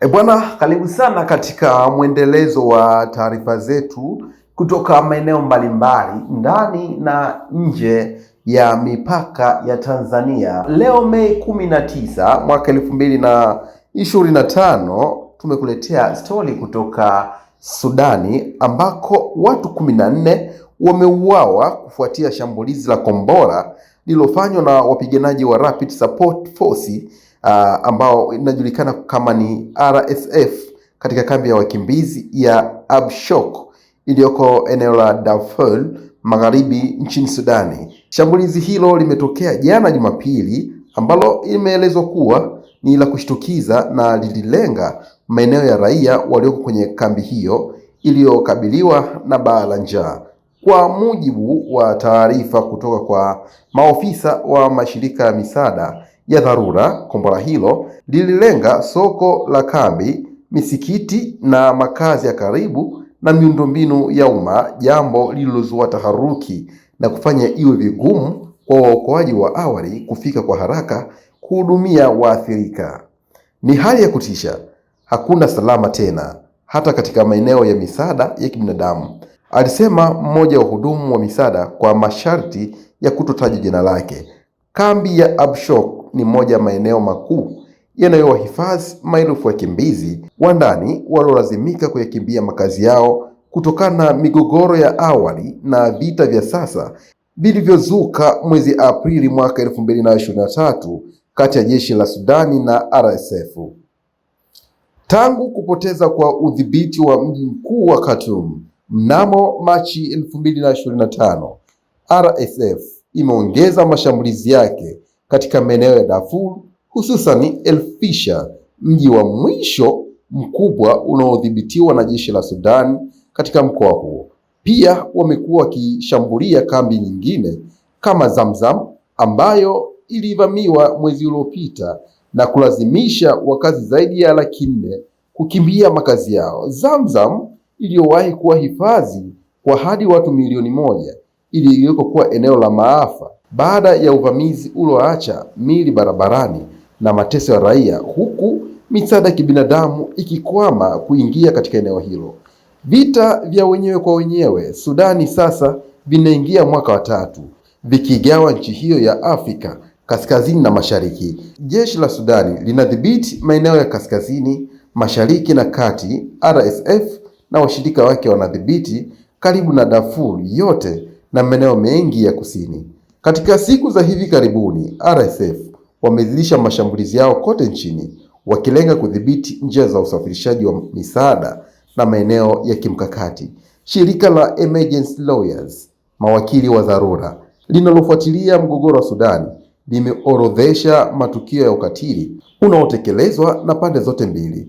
E bwana, karibu sana katika mwendelezo wa taarifa zetu kutoka maeneo mbalimbali ndani na nje ya mipaka ya Tanzania. Leo Mei 19 mwaka elfu mbili na ishirini na tano tumekuletea stori kutoka Sudani ambako watu kumi na nne wameuawa kufuatia shambulizi la kombora lililofanywa na wapiganaji wa Rapid Support Force uh, ambao inajulikana kama ni RSF katika kambi ya wakimbizi ya Abshok iliyoko eneo la Darfur Magharibi nchini Sudani. Shambulizi hilo limetokea jana Jumapili ambalo imeelezwa kuwa ni la kushtukiza na lililenga maeneo ya raia walioko kwenye kambi hiyo iliyokabiliwa na baa la njaa. Kwa mujibu wa taarifa kutoka kwa maofisa wa mashirika ya misaada ya dharura, kombora hilo lililenga soko la kambi, misikiti na makazi ya karibu na miundombinu ya umma, jambo lililozua taharuki na kufanya iwe vigumu kwa waokoaji wa awali kufika kwa haraka kuhudumia waathirika. Ni hali ya kutisha. Hakuna salama tena hata katika maeneo ya misaada ya kibinadamu, alisema mmoja wa hudumu wa misaada kwa masharti ya kutotaja jina lake. Kambi ya Abshok ni moja ya maeneo makuu yanayowahifadhi maelfu ya wakimbizi wa ndani waliolazimika kuyakimbia makazi yao kutokana na migogoro ya awali na vita vya sasa vilivyozuka mwezi Aprili mwaka elfu mbili na ishirini na tatu kati ya jeshi la Sudani na RSF. Tangu kupoteza kwa udhibiti wa mji mkuu wa Khartoum mnamo Machi elfu mbili na ishirini na tano, RSF imeongeza mashambulizi yake katika maeneo ya Darfur, hususan Elfisha, mji wa mwisho mkubwa unaodhibitiwa na jeshi la Sudan katika mkoa huo. Pia wamekuwa wakishambulia kambi nyingine kama Zamzam ambayo ilivamiwa mwezi uliopita na kulazimisha wakazi zaidi ya laki nne kukimbia makazi yao. Zamzam iliyowahi kuwa hifadhi kwa hadi watu milioni moja ili kuwa eneo la maafa baada ya uvamizi ulioacha mili barabarani na mateso ya raia, huku misaada ya kibinadamu ikikwama kuingia katika eneo hilo. Vita vya wenyewe kwa wenyewe Sudani sasa vinaingia mwaka wa tatu, vikigawa nchi hiyo ya Afrika kaskazini na mashariki. Jeshi la Sudani linadhibiti maeneo ya kaskazini, mashariki na kati. RSF na washirika wake wanadhibiti karibu na Darfur yote na maeneo mengi ya kusini. Katika siku za hivi karibuni, RSF wamezidisha mashambulizi yao kote nchini, wakilenga kudhibiti njia za usafirishaji wa misaada na maeneo ya kimkakati. Shirika la Emergency Lawyers, mawakili wa dharura, linalofuatilia mgogoro wa Sudani limeorodhesha matukio ya ukatili unaotekelezwa na pande zote mbili.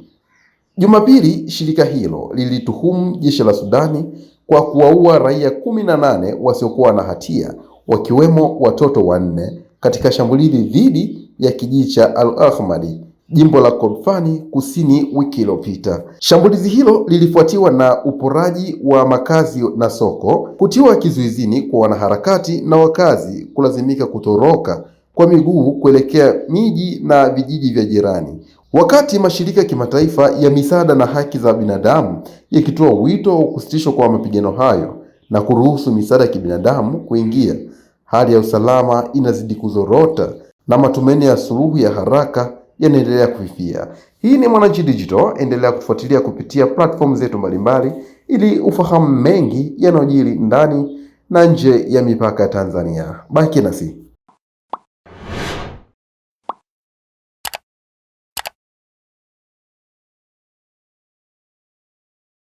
Jumapili, shirika hilo lilituhumu jeshi la Sudani kwa kuwaua raia kumi na nane wasiokuwa na hatia wakiwemo watoto wanne katika shambulizi dhidi ya kijiji cha Al-Ahmadi jimbo la Kordofani Kusini wiki iliyopita. Shambulizi hilo lilifuatiwa na uporaji wa makazi na soko, kutiwa kizuizini kwa wanaharakati na wakazi kulazimika kutoroka kwa miguu kuelekea miji na vijiji vya jirani. Wakati mashirika ya kimataifa ya misaada na haki za binadamu yakitoa wito wa kusitishwa kwa mapigano hayo na kuruhusu misaada ya kibinadamu kuingia, hali ya usalama inazidi kuzorota na matumaini ya suluhu ya haraka yanaendelea kufifia. Hii ni Mwananchi Digital, endelea kufuatilia kupitia platform zetu mbalimbali ili ufahamu mengi yanayojiri ndani na nje ya mipaka ya Tanzania. Baki nasi.